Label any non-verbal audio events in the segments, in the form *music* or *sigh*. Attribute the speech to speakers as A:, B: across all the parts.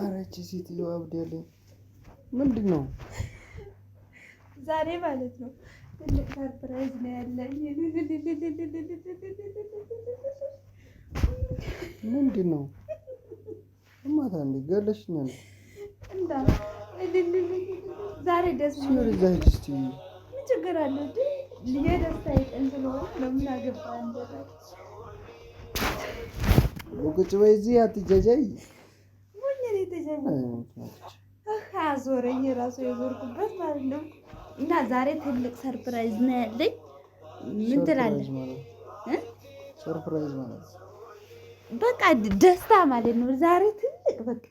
A: አረች ሴትዮ አብዳለኝ። ምንድን ነው
B: ዛሬ ማለት ነው ትልቅ ሰርፕራይዝ ነው ያለኝ።
A: ምንድን ነው እማታ ነው ገለሽኛል። ዛሬ ደስ ነው ዛ ስቲ ምን
B: ችግር አለ? የደስታ ይጠን ስለሆነ ለምን አገባ
A: ቁጭ በይ እዚህ አትጃጃይ
B: አዞረኝ የራሱ የዞርኩበት ማለት ነው። እና ዛሬ ትልቅ ሰርፕራይዝ ነው ያለኝ። ምን ትላለህ?
A: ሰርፕራይዝ ማለት
B: በቃ ደስታ ማለት ነው። ዛሬ ትልቅ በቃ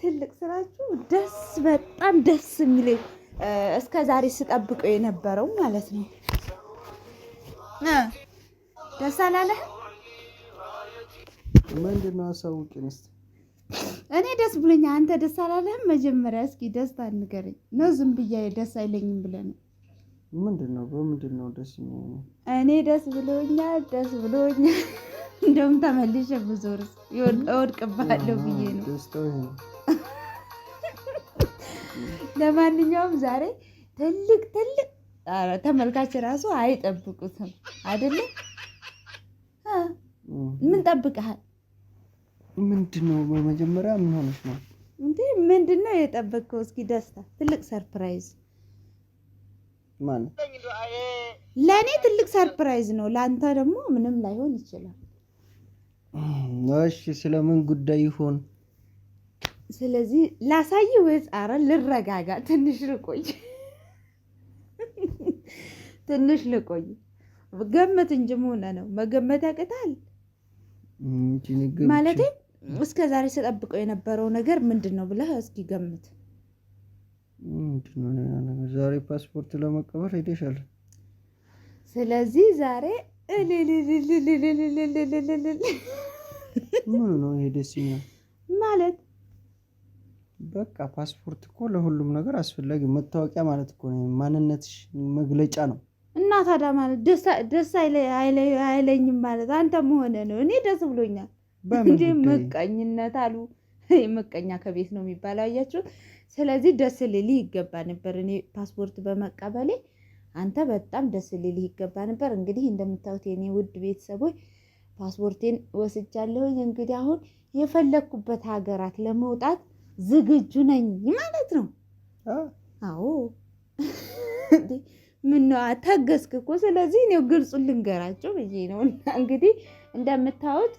B: ትልቅ ስራችሁ ደስ በጣም ደስ የሚል እስከ ዛሬ ስጠብቀው የነበረው ማለት ነው። ደስ አላለህ?
A: ምንድን ነው እስኪ
B: እኔ ደስ ብሎኛ። አንተ ደስ አላለህም? መጀመሪያ እስኪ ደስታ ንገረኝ። ነው ዝም ብዬ ደስ አይለኝም ብለህ ነው?
A: ምንድን ነው በምንድን ነው ደስ የሚሆነው?
B: እኔ ደስ ብሎኛል፣ ደስ ብሎኛል። እንደውም ተመልሼ ብዞርስ እወድቅብሃለሁ ብዬ ነው። ለማንኛውም ዛሬ ትልቅ ትልቅ ተመልካች ራሱ አይጠብቁትም አይደለም? ምን ጠብቀሃል?
A: ምንድነው? በመጀመሪያ ምን ሆነሽ ነው
B: እንዴ? ምንድነው የጠበቅከው? እስኪ ደስታ፣ ትልቅ ሰርፕራይዝ ማን ለእኔ ትልቅ ሰርፕራይዝ ነው፣ ለአንተ ደግሞ ምንም ላይሆን ይችላል።
A: እሺ፣ ስለምን ጉዳይ ይሆን?
B: ስለዚህ ላሳይ ወይስ ኧረ ልረጋጋ? ትንሽ ልቆይ፣ ትንሽ ልቆይ። ገመት እንጂ መሆነ ነው መገመት ያቅታል ማለት እስከ ዛሬ ስጠብቀው የነበረው ነገር ምንድን ነው ብለህ እስኪ ገምት።
A: ዛሬ ፓስፖርት ለመቀበል ሄደሻል።
B: ስለዚህ ዛሬ
A: ምን ነው ይሄ ደስ ይላል ማለት በቃ ፓስፖርት እኮ ለሁሉም ነገር አስፈላጊ መታወቂያ ማለት እኮ ማንነት ማንነትሽ መግለጫ ነው።
B: እና ታዲያ ማለት ደስ አይለኝም ማለት አንተ መሆነ ነው። እኔ ደስ ብሎኛል። እንደ ምቀኝነት አሉ ምቀኛ ከቤት ነው የሚባለው አያችሁት። ስለዚህ ደስ ልልህ ይገባ ነበር። እኔ ፓስፖርት በመቀበሌ አንተ በጣም ደስ ልልህ ይገባ ነበር። እንግዲህ እንደምታዩት የኔ ውድ ቤተሰቦች ፓስፖርቴን ወስጃለሁኝ። እንግዲህ አሁን የፈለግኩበት ሀገራት ለመውጣት ዝግጁ ነኝ ማለት ነው። አዎ ነው አታገስክ እኮ። ስለዚህ እኔው ግልጹን ልንገራቸው ብዬ ነው እና እንግዲህ እንደምታዩት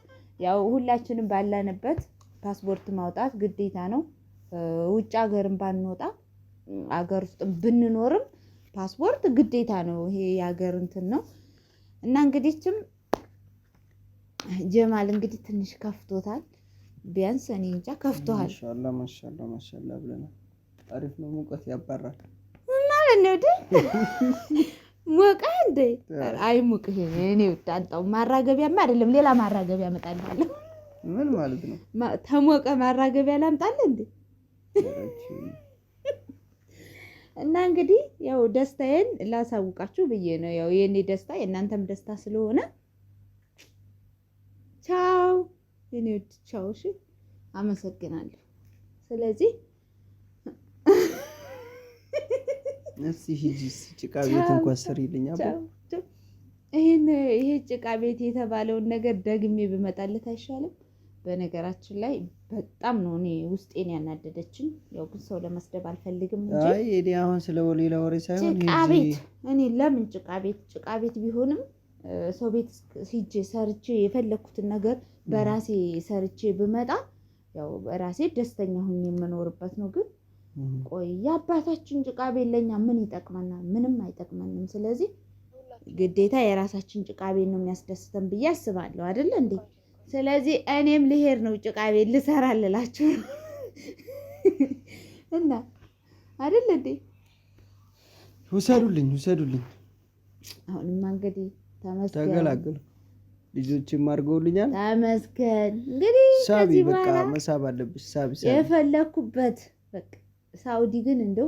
B: ያው ሁላችንም ባለንበት ፓስፖርት ማውጣት ግዴታ ነው። ውጭ ሀገርም ባንወጣ አገር ውስጥ ብንኖርም ፓስፖርት ግዴታ ነው። ይሄ የሀገር እንትን ነው እና እንግዲችም ጀማል እንግዲህ ትንሽ ከፍቶታል። ቢያንስ እኔ እንጃ ከፍቶሃል።
A: ማሻላ ማሻላ ማሻላ ብለናል። አሪፍ ነው። ሙቀት ያባራል
B: ማለት ነው። ሞቀ አይ ሙቅ እኔ ጣንጣው ማራገቢያማ አይደለም ሌላ ማራገቢያ እመጣልሃለሁ።
A: ምን ማለት ነው?
B: ተሞቀ ማራገቢያ ላምጣልህ እንዴ? እና እንግዲህ ያው ደስታዬን ላሳውቃችሁ ብዬ ነው። ያው የኔ ደስታ የእናንተም ደስታ ስለሆነ ቻው፣ የኔ ቻው። እሺ፣ አመሰግናለሁ። ስለዚህ
A: ነፍስ ሂጂ ጭቃ ቤት እንኳን ስሪልኝ።
B: ይሄን ይሄ ጭቃ ቤት የተባለውን ነገር ደግሜ ብመጣለት አይሻልም? በነገራችን ላይ በጣም ነው እኔ ውስጤን ያናደደችኝ። ያው ግን ሰው ለመስደብ አልፈልግም
A: እንጂ አይ እኔ አሁን ስለ ሌላ ወሬ ሳይሆን
B: ጭቃ ቤት እኔ ለምን ጭቃ ቤት ጭቃ ቤት ቢሆንም ሰው ቤት ሂጄ ሰርቼ የፈለኩትን ነገር በራሴ ሰርቼ ብመጣ ያው በራሴ ደስተኛ ሁኜ የምኖርበት ነው ግን ቆይ የአባታችን ጭቃ ቤት ለኛ ምን ይጠቅመናል? ምንም አይጠቅመንም። ስለዚህ ግዴታ የራሳችን ጭቃ ቤት ነው የሚያስደስተን ብዬ አስባለሁ። አይደለ እንዴ? ስለዚህ እኔም ልሄድ ነው ጭቃ ቤት ልሰራ ልላችሁ እና አይደለ እንዴ?
A: ውሰዱልኝ፣ ውሰዱልኝ።
B: አሁንማ እንግዲህ
A: ተመስገን ተገላገልኩ። ልጆችም አድርገውልኛል።
B: ተመስገን እንግዲህ።
A: ሳቢ፣ በቃ መሳብ አለብሽ። ሳቢ ሳቢ
B: የፈለኩበት በቃ ሳውዲ ግን እንደው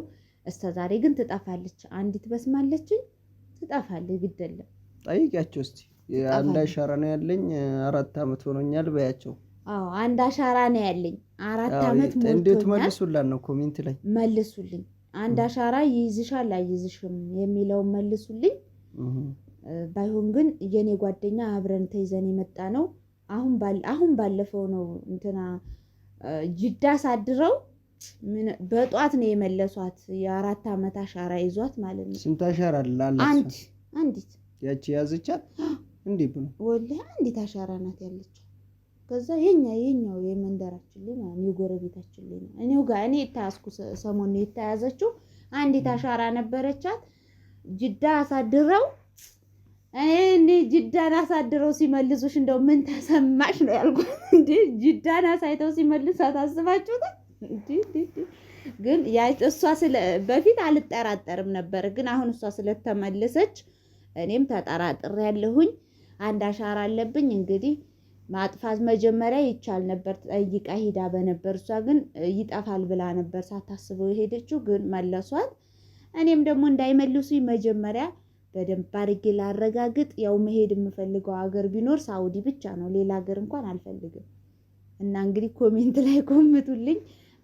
B: እስከ ዛሬ ግን ትጠፋለች። አንዲት በስማለችኝ ትጠፋለች። ግድ የለም
A: ጠይቂያቸው እስቲ። አንድ አሻራ ነው ያለኝ አራት ዓመት ሆኖኛል በያቸው።
B: አዎ አንድ አሻራ ነው ያለኝ አራት ዓመት
A: ሞልቶኛል። እንዴት መልሱላን ነው ኮሜንት ላይ
B: መልሱልኝ። አንድ አሻራ ይይዝሻል አይይዝሽም የሚለውን መልሱልኝ። ባይሆን ግን የኔ ጓደኛ አብረን ተይዘን የመጣ ነው። አሁን ባለፈው ነው እንትና ጅዳ ሳድረው በጧት ነው የመለሷት። የአራት ዓመት አሻራ ይዟት ማለት ነው።
A: ስንት አሻራ ላለ?
B: አንድ አንዲት
A: ያቺ ያዘቻት እንዴ ብሎ
B: ወላሂ አንዲት አሻራ ናት ያለች። ከዛ የኛ የኛው የመንደራችን ላይ ነው የጎረቤታችን ላይ ነው እኔው ጋር እኔ የተያዝኩ ሰሞኑ የተያዘችው አንዲት አሻራ ነበረቻት። ጅዳ አሳድረው እኔ ጅዳን አሳድረው ሲመልሱሽ እንደው ምን ተሰማሽ ነው ያልኩ። እንዴ ጅዳን አሳይተው ሲመልስ አታስባችሁታል? ግን እሷ በፊት አልጠራጠርም ነበር፣ ግን አሁን እሷ ስለተመለሰች እኔም ተጠራጥር ያለሁኝ አንድ አሻራ አለብኝ። እንግዲህ ማጥፋት መጀመሪያ ይቻል ነበር፣ ጠይቃ ሂዳ በነበር እሷ ግን ይጠፋል ብላ ነበር ሳታስበው የሄደችው፣ ግን መለሷት። እኔም ደግሞ እንዳይመልሱኝ መጀመሪያ በደንብ አድርጌ ላረጋግጥ። ያው መሄድ የምፈልገው ሀገር ቢኖር ሳውዲ ብቻ ነው፣ ሌላ ሀገር እንኳን አልፈልግም። እና እንግዲህ ኮሜንት ላይ ኮምቱልኝ።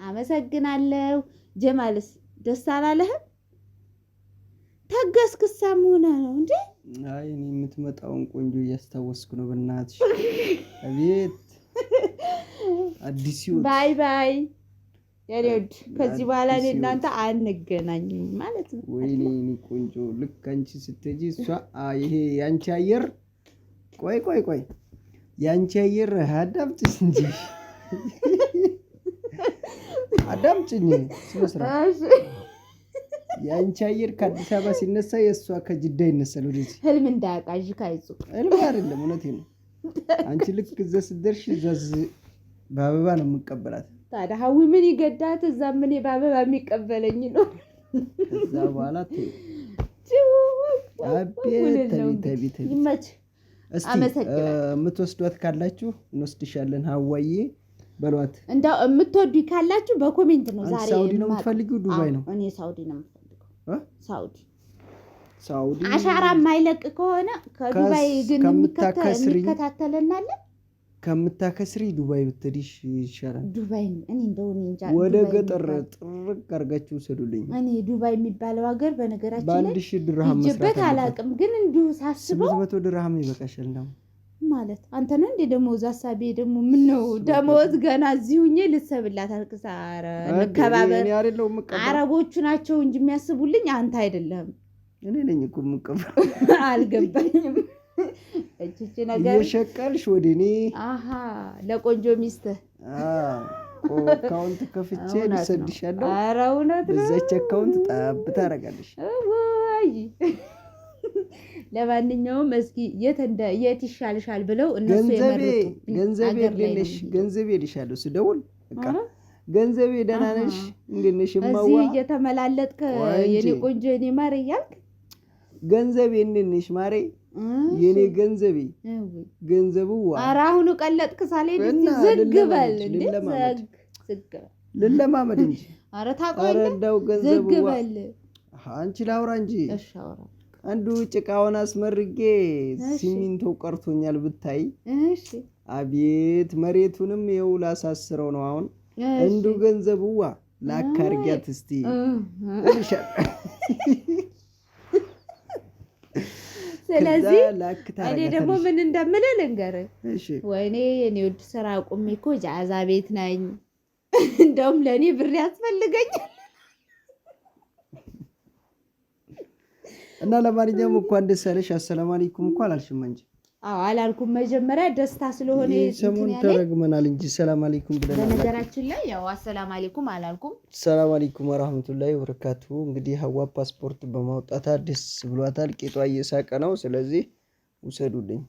B: አመሰግናለሁ። ጀማልስ ደስ አላለህም? ታገስክሳ መሆነ ነው እንዴ?
A: አይ የምትመጣውን ቆንጆ እያስታወስኩ ነው። በእናትሽ አቤት አዲስ
B: ባይ ባይ ያኔድ ከዚህ በኋላ እኔ እናንተ አንገናኝም ማለት ነው።
A: ወይኔ ቆንጆ ልክ አንቺ ስትሄጂ እሷ ይሄ የአንቺ አየር ቆይ ቆይ ቆይ የአንቺ አየር አዳምጥሽ እንጂ አዳምጪኝ ስመስራት የአንቺ አየር ከአዲስ አበባ ሲነሳ የእሷ ከጅዳ ይነሳል። ወደዚህ
B: ህልም እንዳያቃዥ ካይጹ
A: ህልም አይደለም፣ እውነቴ ነው። አንቺ ልክ እዛ ስትደርሽ እዛዝ በአበባ ነው የምቀበላት።
B: ታዲያ ሀዊ ምን ይገዳት? እዛ ምን በአበባ የሚቀበለኝ ነው።
A: ከዛ በኋላ ቤት ተቤ የምትወስዷት ካላችሁ እንወስድሻለን ሀዋዬ በሏት።
B: እንደው የምትወዱ ካላችሁ በኮሜንት ነው። ዛሬ
A: ሳውዲ ነው የምትፈልጊው? ዱባይ ነው? እኔ ሳውዲ ነው የምትፈልገው። ሳውዲ ሳውዲ
B: አሻራ የማይለቅ ከሆነ ከዱባይ ግን የሚከታተልናለ
A: ከምታከስሪ ዱባይ ብትሄድሽ ይሻላል።
B: ዱባይ እኔ እንደው እንጃ
A: ወደ ገጠር ጥርቅ አድርጋችሁ ውሰዱልኝ።
B: እኔ ዱባይ የሚባለው ሀገር በነገራችን
A: ላይ በአንድ ሺህ ድርሃም
B: መስራት አላውቅም፣ ግን እንዲሁ ሳስበው
A: ስምንት መቶ ድርሃም ይበቃሻል እንደውም
B: ማለት አንተ ነህ እንዴ? ደሞዝ ሀሳቤ ደግሞ ምን ነው ደሞዝ ገና እዚሁኜ ልሰብላት አልቅሳ እንከባበር። አረቦቹ ናቸው እንጂ የሚያስቡልኝ አንተ አይደለም።
A: እኔ ነኝ እኮ የምቀበለው። *laughs* አልገባኝም። እቺቺ ነገር እየሸቀልሽ ወደ እኔ
B: አሀ ለቆንጆ ሚስትህ
A: አካውንት ከፍቼ ልሰድሻለሁ።
B: ኧረ እውነት
A: ነው። እዛች አካውንት ጠብ ታደርጋለሽ።
B: ለማንኛውም እስኪ የት እንደ የት ይሻልሻል ብለው
A: እነሱ ገንዘቤ ልሻለሁ ስደውል ገንዘቤ ደህና ነሽ እንደት ነሽ እማዋ
B: እየተመላለጥክ የኔ ቆንጆ የኔ ማር እያልክ
A: ገንዘቤ እንደት ነሽ ማሬ የኔ ገንዘቤ ገንዘቡ
B: ኧረ አሁኑ ቀለጥክ ሳልሄድ
A: ዝግ በል ልለማመድ እንጂ ኧረ ታውቀዋለህ ዝግ በል አንቺ ላውራ እንጂ አንዱ ጭቃውን አስመርጌ ሲሚንቶ ቀርቶኛል ብታይ። አቤት መሬቱንም ይኸው ላሳስረው ነው አሁን። እንዱ ገንዘቡዋ ላካርጊያት እስቲ
B: ስለዚህ እኔ ደግሞ ምን እንደምልህ ልንገር። ወይኔ የኔ ውድ ስራ አቁሜ እኮ ጃዛ ቤት ነኝ። እንደውም ለእኔ ብር ያስፈልገኛል
A: እና ለማንኛውም እንኳን ደስ ያለሽ። አሰላሙ አለይኩም እንኳ አላልሽም እንጂ
B: አላልኩም። መጀመሪያ ደስታ ስለሆነ
A: ሰሞኑን ተረግመናል እንጂ ሰላም አለይኩም ብለናል።
B: በነገራችን ላይ ያው አሰላም አለይኩም አላልኩም።
A: ሰላም አለይኩም ወራህመቱላሂ ወበረካቱ። እንግዲህ ሀዋ ፓስፖርት በማውጣታ ደስ ብሏታል። ቄጧ እየሳቀ ነው። ስለዚህ ውሰዱልኝ።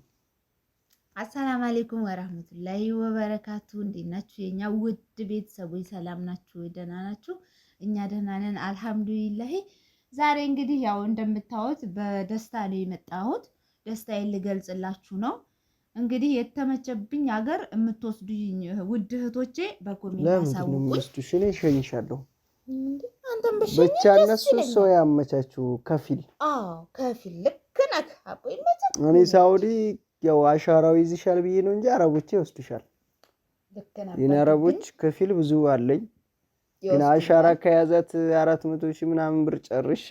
B: አሰላም አለይኩም ወራህመቱላሂ ወበረካቱ። እንዴት ናችሁ የኛ ውድ ቤተሰቦች? ሰላም ናችሁ? ደህና ናችሁ? እኛ ደህና ነን አልሐምዱሊላሂ ዛሬ እንግዲህ ያው እንደምታዩት በደስታ ነው የመጣሁት። ደስታዬን ልገልጽላችሁ ነው። እንግዲህ የተመቸብኝ ሀገር የምትወስዱኝ ውድ እህቶቼ በኮሜንት
A: አሳውቁኝ። ብቻ እነሱ ሰው ያመቻችሁ ከፊል
B: ከፊል ልክ ነህ።
A: እኔ ሳውዲ ያው አሻራው ይዝሻል ብዬ ነው እንጂ አረቦቼ ይወስዱሻል። ይህን አረቦች ከፊል ብዙ አለኝ ግን አሻራ ከያዛት አራት መቶ ሺህ ምናምን ብር ጨርሼ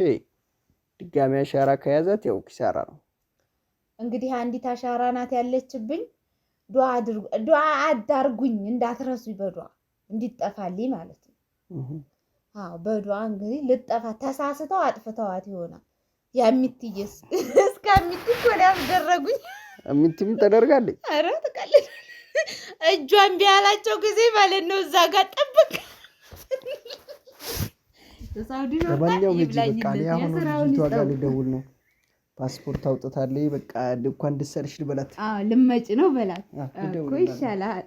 A: ድጋሚ አሻራ ከያዛት ያው ኪሳራ ነው።
B: እንግዲህ አንዲት አሻራ ናት ያለችብኝ። ዱዓ አዳርጉኝ እንዳትረሱ በዱዓ እንዲጠፋልኝ ማለት ነው። አዎ በዱዓ እንግዲህ ልጠፋ ተሳስተው አጥፍተዋት ይሆናል። ያ ሚትዬስ *laughs* እስከ ሚት እኮ ነው ያስደረጉኝ።
A: ሚትም ተደርጋለች።
B: ኧረ ትቀልድ እጇን ቢያላቸው ጊዜ ማለት ነው እዛ ጋር ጠብቅ
A: ለማንኛውም ሂጂ በቃ እኔ አሁን ልጅቷ ጋር ልደውል ነው። ፓስፖርት አውጥታለች። በቃ እንኳን ደስ ያለሽ ልበላት።
B: ልመጭ ነው በላት እኮ ይሻላል።